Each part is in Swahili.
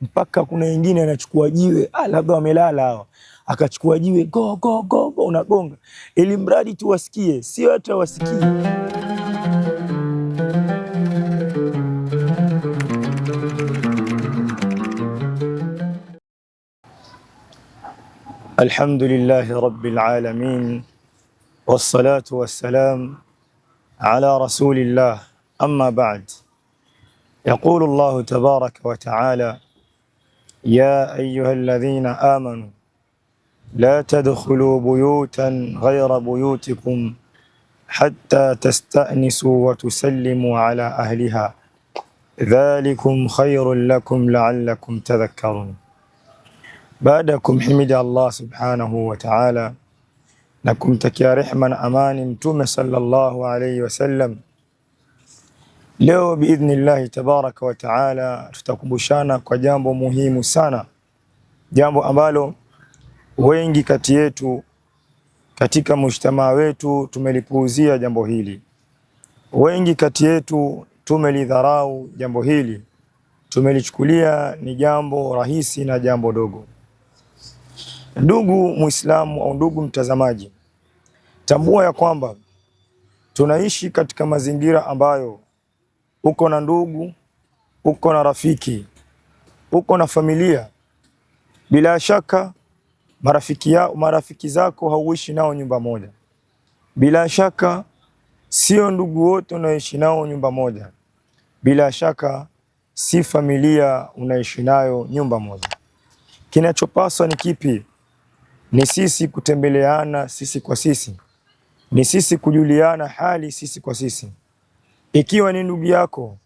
mpaka kuna wengine anachukua jiwe, ah, labda wamelala hawa, akachukua jiwe go go go go, unagonga ili mradi tu wasikie, sio hata wasikie. Alhamdulillahi rabbil alamin wassalatu wassalam ala rasulillah amma ba'd. Yaqulu Allahu tabaraka wa ta'ala يا أيها الذين آمنوا لا تدخلوا بيوتا غير بيوتكم حتى تستأنسوا وتسلموا على أهلها ذلكم خير لكم لعلكم تذكرون بعدكم حمد الله سبحانه وتعالى نكم تكيا رحما أمان تم صلى الله عليه وسلم Leo biidhnillahi tabaraka wa taala tutakumbushana kwa jambo muhimu sana, jambo ambalo wengi kati yetu katika mujtamaa wetu tumelipuuzia jambo hili, wengi kati yetu tumelidharau jambo hili, tumelichukulia ni jambo rahisi na jambo dogo. Ndugu Muislamu au ndugu mtazamaji, tambua ya kwamba tunaishi katika mazingira ambayo uko na ndugu, uko na rafiki, uko na familia, bila shaka marafiki, ya, marafiki zako hauishi nao nyumba moja, bila shaka sio ndugu wote unaoishi nao nyumba moja, bila shaka si familia unaishi nayo nyumba moja. Kinachopaswa ni kipi? Ni sisi kutembeleana sisi kwa sisi, ni sisi kujuliana hali sisi kwa sisi. Ikiwa ni ndugu yako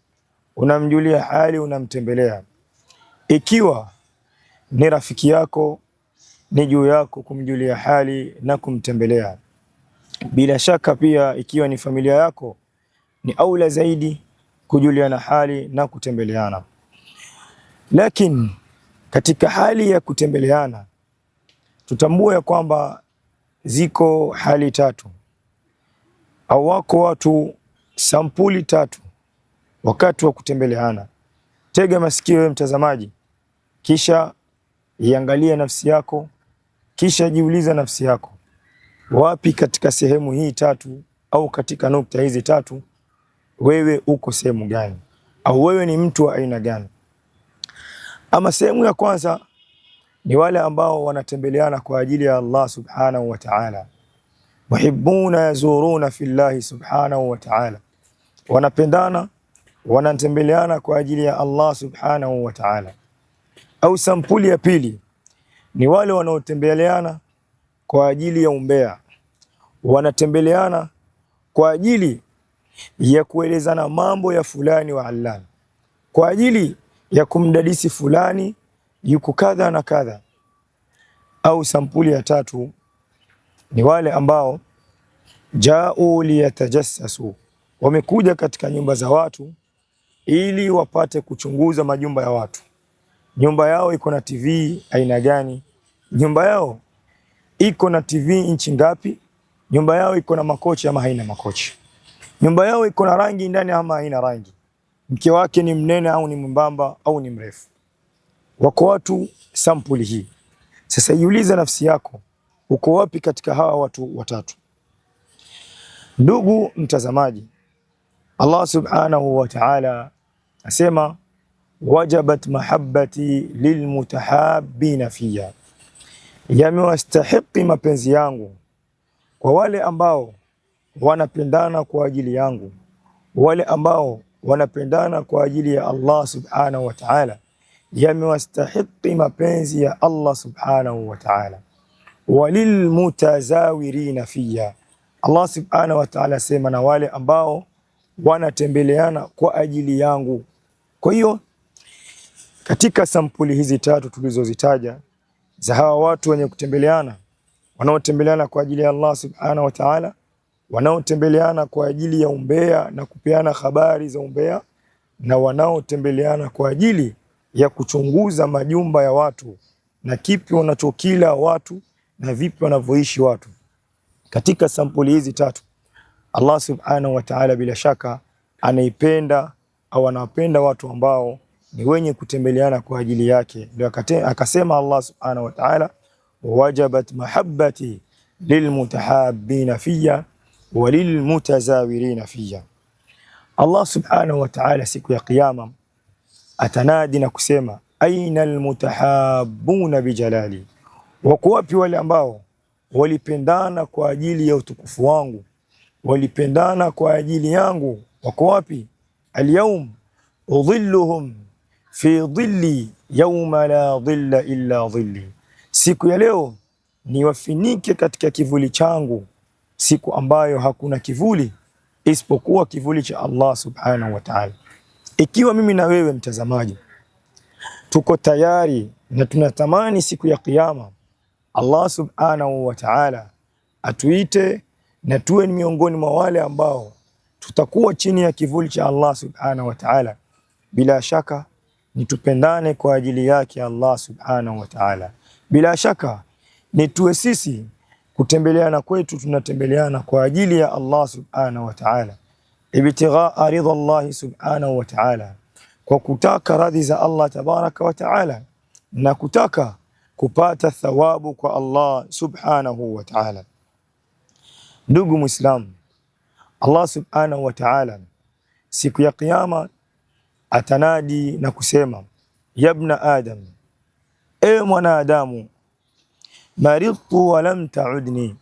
unamjulia hali, unamtembelea. Ikiwa ni rafiki yako, ni juu yako kumjulia hali na kumtembelea. Bila shaka pia, ikiwa ni familia yako, ni aula zaidi kujuliana hali na kutembeleana. Lakini katika hali ya kutembeleana, tutambue ya kwamba ziko hali tatu au wako watu Sampuli tatu wakati wa kutembeleana. Tega masikio wewe mtazamaji, kisha iangalie nafsi yako, kisha jiuliza nafsi yako, wapi katika sehemu hii tatu au katika nukta hizi tatu, wewe uko sehemu gani? Au wewe ni mtu wa aina gani? Ama sehemu ya kwanza ni wale ambao wanatembeleana kwa ajili ya Allah subhanahu wa ta'ala, muhibbuna yazuruna fillahi subhanahu wa ta'ala wanapendana, wanatembeleana kwa ajili ya Allah subhanahu wa ta'ala. Au sampuli ya pili ni wale wanaotembeleana kwa ajili ya umbea, wanatembeleana kwa ajili ya kuelezana mambo ya fulani wa allani, kwa ajili ya kumdadisi fulani yuko kadha na kadha. Au sampuli ya tatu ni wale ambao jau liyatajassasu wamekuja katika nyumba za watu ili wapate kuchunguza majumba ya watu, nyumba yao iko na TV aina gani, nyumba yao iko na TV inchi ngapi, nyumba yao iko na makochi ama haina makochi, nyumba yao iko na rangi ndani ama haina rangi, mke wake ni mnene au ni mwembamba au ni mrefu. Wako watu sampuli hii. Sasa iulize nafsi yako, uko wapi katika hawa watu watatu? Ndugu mtazamaji, Allah subhanahu wa ta'ala asema wajabat mahabbati lilmutahabbina fiya, yamewastahiqi mapenzi yangu kwa wale ambao wanapendana kwa ajili yangu, wale ambao wanapendana kwa ajili ya Allah subhanahu wa ta'ala, yamewastahiqi mapenzi ya Allah subhanahu wa ta'ala. Walilmutazawirina fiya, Allah subhanahu wa ta'ala asema na wale ambao wanatembeleana kwa ajili yangu. Kwa hiyo katika sampuli hizi tatu tulizozitaja za hawa watu wenye kutembeleana, wanaotembeleana kwa ajili ya Allah subhanahu wa ta'ala, wanaotembeleana kwa ajili ya umbea na kupeana habari za umbea, na wanaotembeleana kwa ajili ya kuchunguza majumba ya watu na kipi wanachokila watu na vipi wanavyoishi watu. Katika sampuli hizi tatu Allah subhanahu wa ta'ala bila shaka anaipenda au anawapenda watu ambao ni wenye kutembeleana kwa ajili yake. Ndio akasema Allah subhanahu wa ta'ala, wajabat mahabbati lilmutahabbina fiya wa lilmutazawirina fiya. Allah subhanahu wa ta'ala siku ya Kiyama atanadi na kusema, aina almutahabbuna bijalali, wako wapi wale ambao walipendana kwa ajili ya utukufu wangu walipendana kwa ajili yangu. Wako wapi? Alyaum udhilluhum fi dhilli yauma la dhilla illa dhilli, siku ya leo niwafinike katika kivuli changu, siku ambayo hakuna kivuli isipokuwa kivuli cha Allah subhanahu wa ta'ala. Ikiwa mimi na wewe mtazamaji tuko tayari na tunatamani siku ya Kiyama, Allah subhanahu wa ta'ala atuite na tuwe ni miongoni mwa wale ambao tutakuwa chini ya kivuli cha Allah subhanahu wa ta'ala. Bila shaka nitupendane kwa ajili yake Allah subhanahu wa ta'ala. Bila shaka nituwe sisi kutembeleana kwetu tunatembeleana kwa ajili ya Allah subhanahu wa ta'ala, ibtighaa ridha Allah subhanahu wa ta'ala, kwa kutaka radhi za Allah tabaraka wa ta'ala na kutaka kupata thawabu kwa Allah subhanahu wa ta'ala. Ndugu Muislamu, Allah subhanahu wa ta'ala siku ya Kiyama atanadi na kusema, yabna adam, e mwanadamu, maridtu wa lam taudni,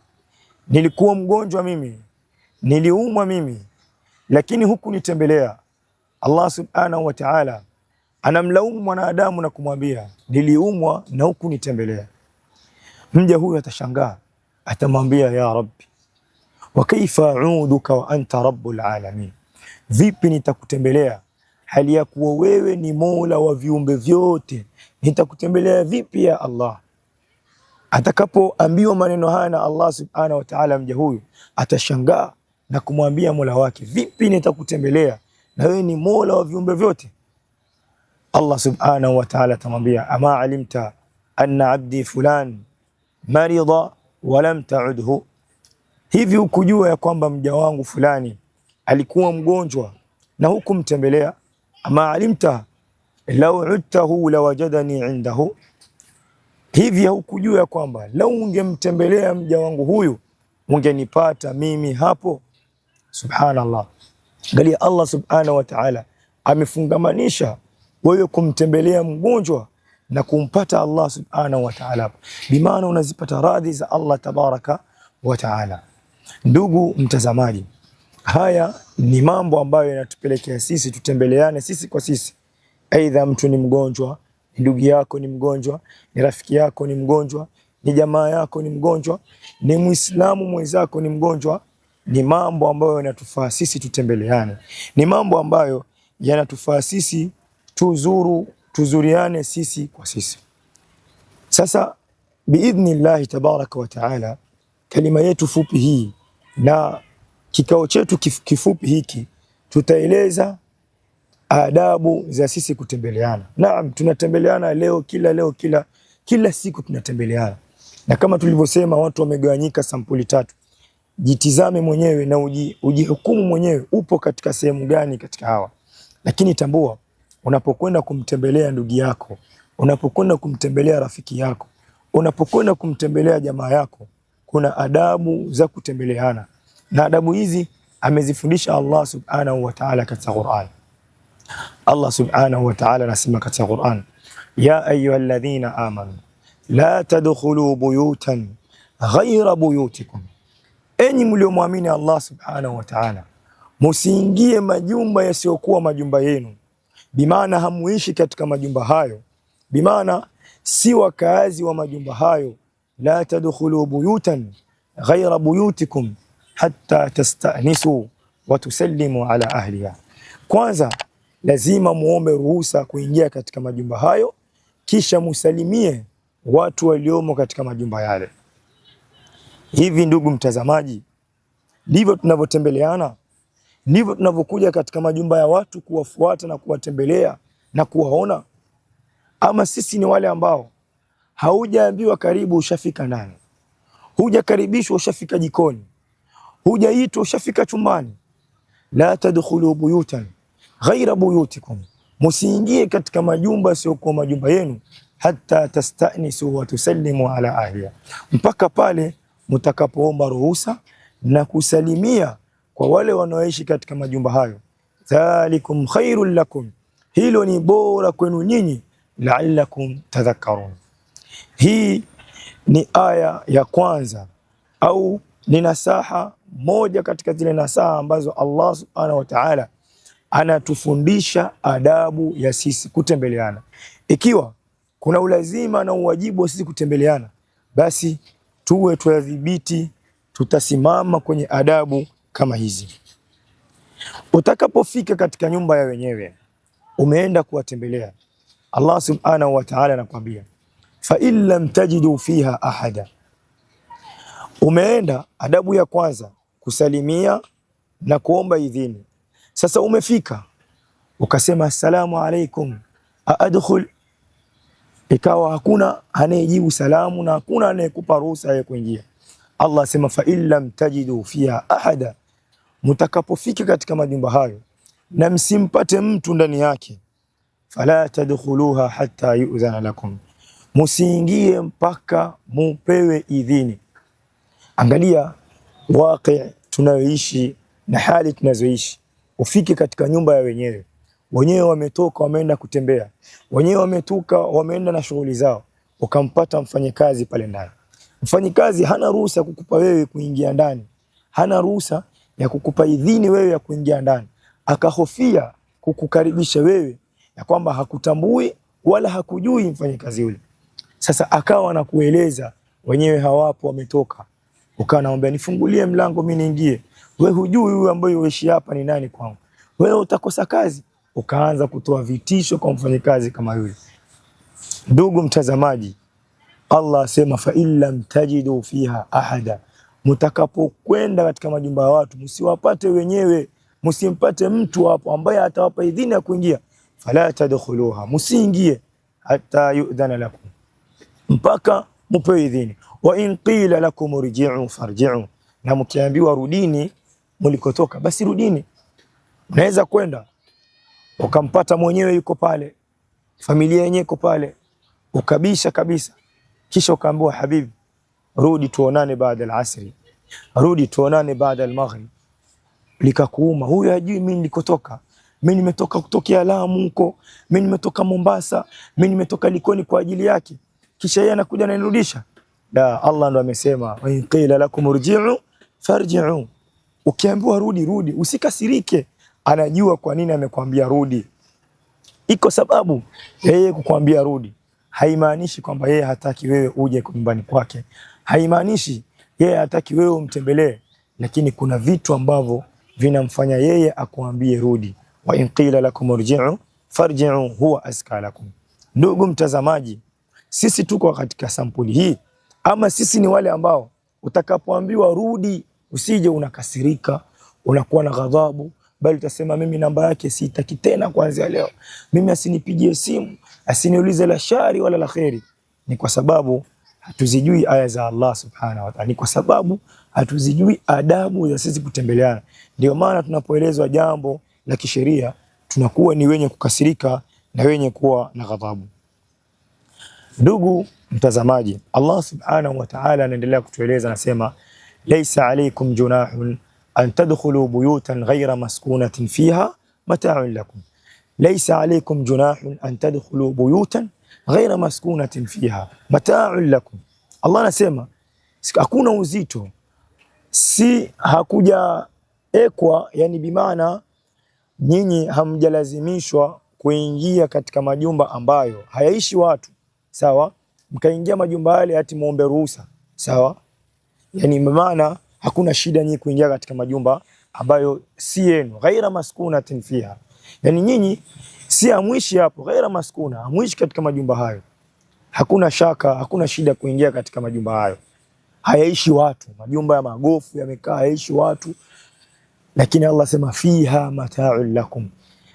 nilikuwa mgonjwa mimi, niliumwa mimi, lakini hukunitembelea. Allah subhanahu wa ta'ala anamlaumu mwanadamu na kumwambia, niliumwa na hukunitembelea. Mja huyu atashangaa, atamwambia ya Rabbi wa kaifa uduka wa anta rabbul alamin, vipi nitakutembelea hali ya kuwa wewe ni mola wa viumbe vyote, nitakutembelea vipi ya Allah? Atakapoambiwa maneno haya na Allah subhanahu wa ta'ala, mja huyu atashangaa na kumwambia mola wake, vipi nitakutembelea na wewe ni mola wa viumbe vyote? Allah subhanahu wa ta'ala atamwambia, ama alimta anna abdi fulan marida walam taudhu hivi hukujua ya kwamba mja wangu fulani alikuwa mgonjwa na hukumtembelea? Ama alimta lau udtahu lawajadani indahu, hivi hukujua ya kwamba lau ungemtembelea mja wangu huyu ungenipata mimi hapo? Subhanallah, angalia Allah subhanahu wa ta'ala amefungamanisha wewe kumtembelea mgonjwa na kumpata Allah subhanahu wa ta'ala, bimaana unazipata radhi za Allah tabaraka wa ta'ala. Ndugu mtazamaji, haya ni mambo ambayo yanatupelekea sisi tutembeleane sisi kwa sisi. Aidha, mtu ni mgonjwa, ni ndugu yako ni mgonjwa, ni rafiki yako ni mgonjwa, ni jamaa yako ni mgonjwa, ni Muislamu mwenzako ni mgonjwa. Ni mambo ambayo yanatufaa sisi tutembeleane, ni mambo ambayo yanatufaa sisi tuzuru, tuzuriane sisi kwa sisi. Sasa biidhnillahi tabaraka wa taala, kalima yetu fupi hii na kikao chetu kifupi hiki tutaeleza adabu za sisi kutembeleana. Naam, tunatembeleana leo, kila leo, kila kila siku tunatembeleana, na kama tulivyosema, watu wamegawanyika sampuli tatu. Jitizame mwenyewe na uji, ujihukumu mwenyewe upo katika sehemu gani katika hawa. Lakini tambua, unapokwenda kumtembelea ndugu yako, unapokwenda kumtembelea rafiki yako, unapokwenda kumtembelea jamaa yako kuna adabu za kutembeleana, na adabu hizi amezifundisha Allah subhanahu wa ta'ala katika Qur'an. Allah subhanahu wa ta'ala anasema katika Qur'an, ya ayyuhalladhina amanu la tadkhulu buyutan ghaira buyutikum, enyi mliomwamini Allah subhanahu wa ta'ala, musiingie majumba yasiyokuwa majumba yenu, bimaana hamuishi katika majumba hayo, bimaana si wakaazi wa majumba hayo la tadkhulu buyutan ghayra buyutikum hatta tastanisu wa tusallimu ala ahliha, kwanza lazima muombe ruhusa kuingia katika majumba hayo, kisha musalimie watu waliomo katika majumba yale. Hivi ndugu mtazamaji, ndivyo tunavyotembeleana, ndivyo tunavyokuja katika majumba ya watu kuwafuata na kuwatembelea na kuwaona, ama sisi ni wale ambao Haujaambiwa karibu, ushafika ndani. Hujakaribishwa, ushafika jikoni. Hujaitwa, ushafika chumbani. La tadkhulu buyutan ghaira buyutikum, musiingie katika majumba siokuwa majumba yenu. Hatta tastanisu wa tusallimu ala ahliha, mpaka pale mtakapoomba ruhusa na kusalimia kwa wale wanaoishi katika majumba hayo. Dhalikum khairul lakum, hilo ni bora kwenu nyinyi, la'allakum tadhakkarun. Hii ni aya ya kwanza au ni nasaha moja katika zile nasaha ambazo Allah subhanahu wa ta'ala anatufundisha adabu ya sisi kutembeleana. Ikiwa kuna ulazima na uwajibu wa sisi kutembeleana, basi tuwe tuyadhibiti, tutasimama kwenye adabu kama hizi. Utakapofika katika nyumba ya wenyewe, umeenda kuwatembelea, Allah subhanahu wa ta'ala anakuambia fa in lam tajidu fiha ahada. Umeenda adabu ya kwanza kusalimia na kuomba idhini. Sasa umefika ukasema assalamu alaikum, aadkhul, ikawa hakuna anayejibu salamu na hakuna anayekupa ruhusa ya kuingia. Allah asema fa in lam tajidu fiha ahada, mutakapofika katika majumba hayo na msimpate mtu ndani yake, fala tadkhuluha hatta yu'dhana lakum musiingie mpaka mupewe idhini. Angalia waqi tunayoishi na hali tunazoishi, ufike katika nyumba ya wenyewe wenyewe wametoka wameenda kutembea, wenyewe wametoka wameenda na shughuli zao, ukampata mfanyikazi pale ndani. Mfanyikazi hana ruhusa kukupa wewe kuingia ndani, hana ruhusa ya kukupa idhini wewe ya kuingia ndani, akahofia kukukaribisha wewe, ya kwamba hakutambui wala hakujui mfanyikazi yule. Sasa akawa anakueleza wenyewe hawapo, wametoka, ukawa naomba nifungulie mlango mimi niingie. Wewe hujui huyu ambaye uishi hapa ni nani kwangu, wewe utakosa kazi. Ukaanza kutoa vitisho kwa mfanyikazi kama yule. Ndugu mtazamaji, Allah asema fa illam tajidu fiha ahada, mtakapokwenda katika majumba ya watu msiwapate wenyewe, msimpate mtu hapo ambaye atawapa idhini ya kuingia, fala tadkhuluha, msiingie hata yu'dhana lakum mpaka mpewe idhini. Wa in qila lakum rji'u farji'u, na mkiambiwa rudini mlikotoka basi rudini. Unaweza kwenda ukampata mwenyewe yuko pale, familia yenyewe iko pale, ukabisha kabisa, kisha ukaambiwa habibi, rudi tuonane baada al-asri, rudi tuonane baada al-maghrib, likakuuma. Huyu ajui mimi nilikotoka mimi nimetoka kutokea Lamu huko, mimi nimetoka Mombasa, mimi nimetoka Likoni kwa ajili yake kisha yeye anakuja ananirudisha. Da, Allah ndo amesema wa in qila lakum urji'u farji'u, ukiambiwa rudi rudi, usikasirike. Anajua kwa nini amekwambia rudi. Iko sababu yeye kukwambia rudi, haimaanishi kwamba yeye hataki wewe uje nyumbani kwake, haimaanishi yeye hataki wewe umtembelee, lakini kuna vitu ambavyo vinamfanya yeye akuambie rudi. Wa in qila lakum urji'u farji'u huwa aska lakum. Ndugu mtazamaji sisi tuko katika sampuli hii, ama sisi ni wale ambao utakapoambiwa rudi, usije unakasirika, unakuwa na ghadhabu, bali utasema mimi namba yake siitaki tena kuanzia leo, mimi asinipigie simu, asiniulize la shari wala la kheri. Ni kwa sababu hatuzijui aya za Allah subhanahu wa ta'ala, ni kwa sababu hatuzijui adabu za sisi kutembeleana. Ndio maana tunapoelezwa jambo la kisheria tunakuwa ni wenye kukasirika na wenye kuwa na ghadhabu. Ndugu mtazamaji, Allah subhanahu wa ta'ala anaendelea kutueleza, anasema laisa alaykum junahun an tadkhulu buyutan ghayra maskunatin fiha mata'un lakum, laisa alaykum junahun an tadkhulu buyutan ghayra maskunatin fiha mata'un lakum. Allah anasema hakuna uzito, si hakuja ekwa, yani bimaana nyinyi hamjalazimishwa kuingia katika majumba ambayo hayaishi watu sawa, mkaingia majumba yale ati muombe ruhusa, sawa. Yani maana hakuna shida nyinyi kuingia katika majumba ambayo si yenu, ghaira maskuna fiha, yani nyinyi si amwishi hapo, ghaira maskuna, amwishi katika majumba hayo. Hakuna shaka, hakuna shida kuingia katika majumba hayo, hayaishi watu, majumba ya magofu yamekaa, hayaishi watu. Lakini Allah sema fiha mataul lakum,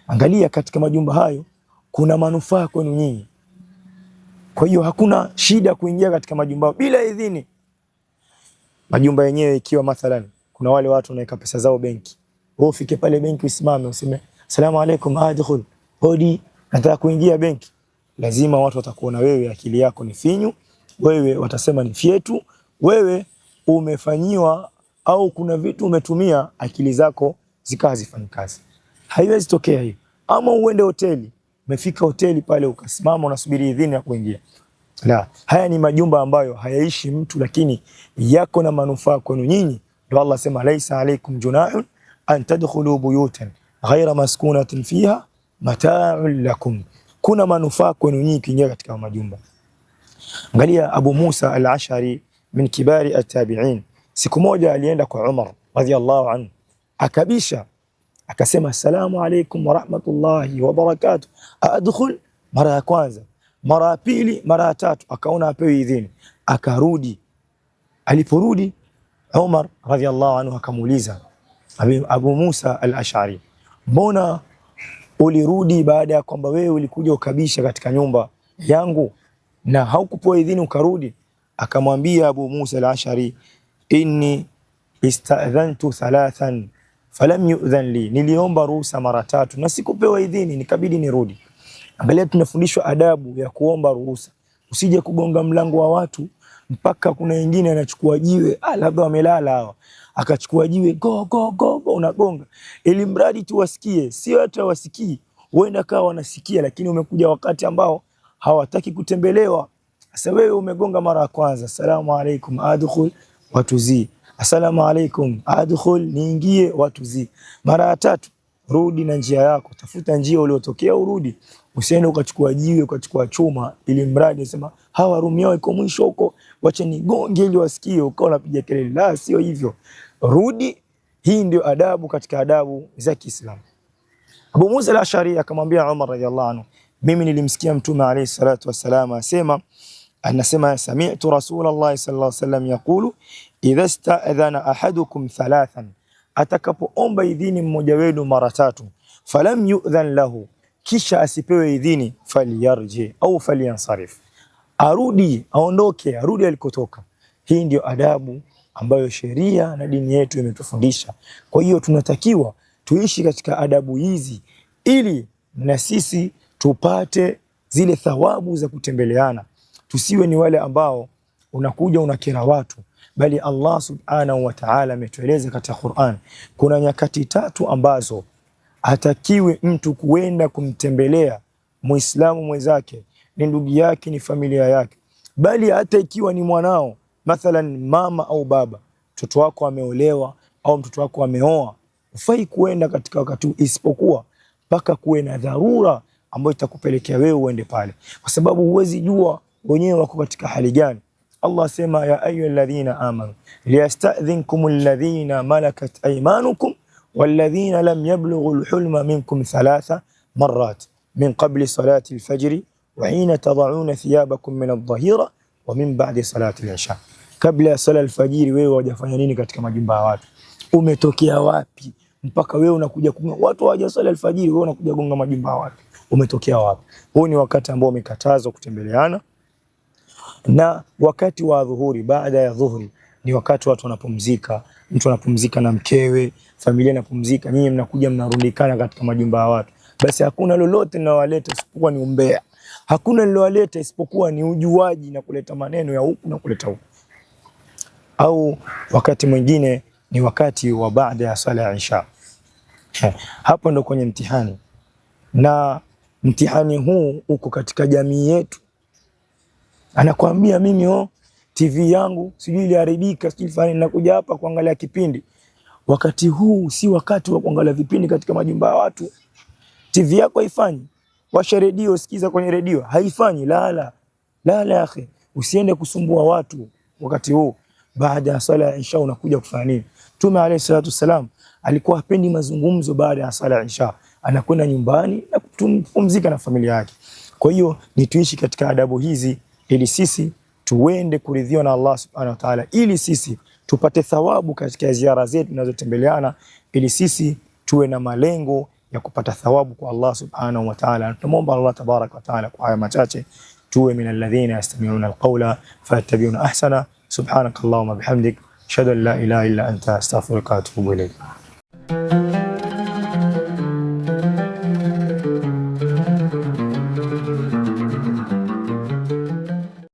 angalia katika majumba hayo kuna manufaa kwenu nyinyi kwa hiyo hakuna shida kuingia katika majumba bila idhini. Majumba yenyewe ikiwa mathalan kuna wale watu wanaweka pesa zao benki. Wewe ufike pale benki usimame useme asalamu alaykum adkhul. Hodi, nataka kuingia benki. Lazima watu watakuona wewe akili yako ni finyu, wewe watasema ni fyetu, wewe umefanyiwa au kuna vitu umetumia akili zako zikawa kazi. Haiwezi tokea hiyo. Ama uende hoteli umefika hoteli pale ukasimama unasubiri idhini ya kuingia. La, haya ni majumba ambayo hayaishi mtu, lakini yako na manufaa kwenu nyinyi. Ndio Allah sema laisa alaikum junahun an tadkhulu buyutan ghaira maskunatin fiha mata'un lakum, kuna manufaa kwenu nyinyi kuingia katika majumba. Angalia Abu Musa al-Ash'ari min kibari at-tabi'in, siku moja alienda kwa Umar radhiyallahu anhu akabisha akasema assalamu alaikum warahmatullahi wabarakatuh, adkhul mara ya kwanza, mara ya pili, mara ya tatu, akaona apewe idhini, akarudi. Aliporudi Umar radhiallahu anhu akamuuliza Abu Musa al-Ash'ari, mbona ulirudi baada ya kwamba wewe ulikuja ukabisha katika nyumba yangu na haukupewa idhini ukarudi? Akamwambia Abu Musa al-Ash'ari, inni istadhantu thalathan falam yudhan li, niliomba ruhusa mara tatu na sikupewa idhini, nikabidi nirudi. Angalia, tunafundishwa adabu ya kuomba ruhusa. Usije kugonga mlango wa watu mpaka kuna wengine anachukua jiwe, ah, labda wamelala hawa, akachukua jiwe go go go, go, unagonga ili mradi tu wasikie, sio hata wasikii, huenda kawa wanasikia, lakini umekuja wakati ambao hawataki kutembelewa. Sasa wewe umegonga mara ya kwanza, salamu alaikum adkhul watuzii Asalamu alaikum, adkhul, niingie, watuzi. Mara ya tatu, rudi na njia yako, tafuta njia uliotokea urudi, usiende ukachukua jiwe ukachukua chuma, ili mradi usema hawa rumi yao iko mwisho huko, wache nigonge ili wasikie, ukawa unapiga kelele. La, sio hivyo, rudi. Hii ndio adabu katika adabu za Kiislamu. Abu Musa al-Ashari akamwambia Umar radhiallahu anhu, mimi nilimsikia Mtume alayhi salatu wassalam asema, anasema sami'tu Rasulullah sallallahu alayhi wasallam yaqulu idha sta'dhana ahadukum thalathan, atakapoomba idhini mmoja wenu mara tatu, falam yu'dhan lahu, kisha asipewe idhini, falyarji au falyansarif, arudi aondoke, arudi alikotoka. Hii ndio adabu ambayo sheria na dini yetu imetufundisha. Kwa hiyo tunatakiwa tuishi katika adabu hizi ili na sisi tupate zile thawabu za kutembeleana, tusiwe ni wale ambao unakuja unakera watu bali Allah subhanahu wa ta'ala ametueleza katika Qur'an, kuna nyakati tatu ambazo hatakiwi mtu kuenda kumtembelea Muislamu mwenzake, ni ndugu yake, ni familia yake, bali hata ikiwa ni mwanao, mathalan mama au baba, mtoto wako ameolewa au mtoto wako ameoa, ufai kuenda katika wakati huu, isipokuwa mpaka kuwe na dharura ambayo itakupelekea wewe uende pale, kwa sababu huwezi jua wenyewe wako katika hali gani. Allah sema ya ayuha alladhina amanu liyastadhinkum alladhina malakat aymanukum walladhina lam yablughu alhulma minkum thalatha marrat min qabli salati alfajri wa hina tad'una thiyabakum min adh-dhahira wa min ba'di salati al-isha. Kabla ya sala alfajiri, wewe wajafanya nini katika majumba ya watu? Umetokea wapi mpaka wewe unakuja kugonga watu? Hawajasali alfajiri, wewe unakuja kugonga majumba ya watu, umetokea wapi? Huu ni wakati ambao umekatazwa kutembeleana na wakati wa dhuhuri, baada ya dhuhuri ni wakati watu wanapumzika, mtu anapumzika na mkewe, familia inapumzika, nyinyi mnakuja mnarundikana katika majumba ya watu. Basi hakuna lolote linalowaleta isipokuwa ni umbea, hakuna lilowaleta isipokuwa ni ujuaji na kuleta maneno ya huku na kuleta huku. Au wakati mwingine ni wakati wa baada ya sala ya isha. Hapo ndo kwenye mtihani, na mtihani huu uko katika jamii yetu anakwambia mimi oh, TV yangu sijui iliharibika, sijui fani, nakuja hapa kuangalia kipindi. Wakati huu si wakati wa kuangalia vipindi katika majumba ya watu. TV yako haifanyi, washa redio, sikiza kwenye redio, haifanyi. Lala lala, akhi, usiende kusumbua watu wakati huu. Baada ya sala ya isha unakuja kufanya nini? Mtume alayhi salatu wasalam alikuwa hapendi mazungumzo baada ya sala ya isha, anakwenda nyumbani na kupumzika na familia yake. Kwa hiyo nituishi katika adabu hizi ili sisi tuende kuridhiwa na Allah subhanahu wa ta'ala, ili sisi tupate thawabu katika ziara zetu tunazotembeleana, ili sisi tuwe na malengo ya kupata thawabu kwa Allah subhanahu wa ta'ala. Tunamwomba Allah tabaraka wa ta'ala kwa haya machache tuwe min alladhina yastami'una alqawla fayattabi'una ahsana. Subhanakallahumma bihamdik ashhadu an la ilaha illa anta astaghfiruka wa atubu ilayk.